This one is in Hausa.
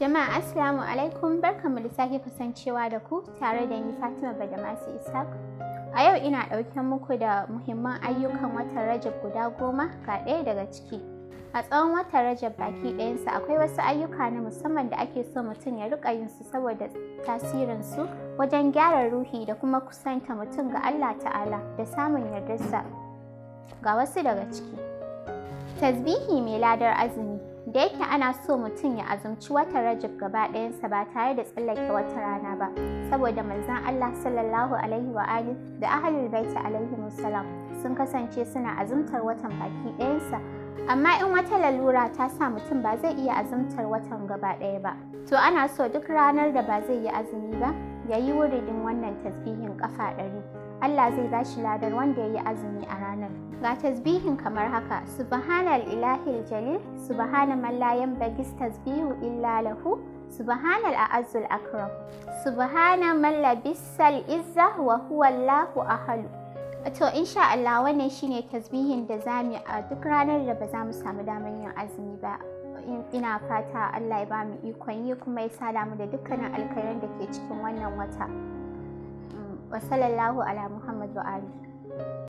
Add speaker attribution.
Speaker 1: Jama'a Assalamu alaikum barkanmu da sake kasancewa da ku tare da ni Fatima Badamasi Isaac. A yau ina ɗauke muku da muhimman ayyukan watan Rajab guda goma ga ɗaya daga ciki. A tsawon watan Rajab baki ɗayansa akwai wasu ayyuka na musamman da ake so mutum ya riƙa yin su saboda tasirin su wajen gyara ruhi da kuma kusanta mutum ga Allah Ta'ala da samun yardarsa. Ga wasu daga ciki. Tasbihi mai ladar azumi da yake ana so mutum ya azumci watan rajab gaba ɗayansa ba tare da tsallake wata rana ba saboda manzon Allah sallallahu alaihi wa ali da ahlul baiti alaihi musallam sun kasance suna azumtar watan baki ɗayansa amma in wata lalura ta sa mutum ba zai iya azumtar watan gaba ɗaya ba to ana so duk ranar da ba zai yi azumi ba ya yi wuridin wannan tasbihin kafa ɗari Allah zai ba shi ladar wanda ya yi azumi a ranar. Ga tasbihin kamar haka, Subhanal ilahil jalil, Subhana man bagis tasbihu illa lahu, Subhanal a'azzul akram, Subhana man izza wa huwa ahalu. To insha Allah wannan shine tasbihin da za mu a duk ranar da ba za mu samu damar yin azumi ba. ina fata Allah ya ba mu ikon yi kuma ya sada mu da dukkanin alkhairan da ke cikin wannan wata. وصلى الله على محمد وآله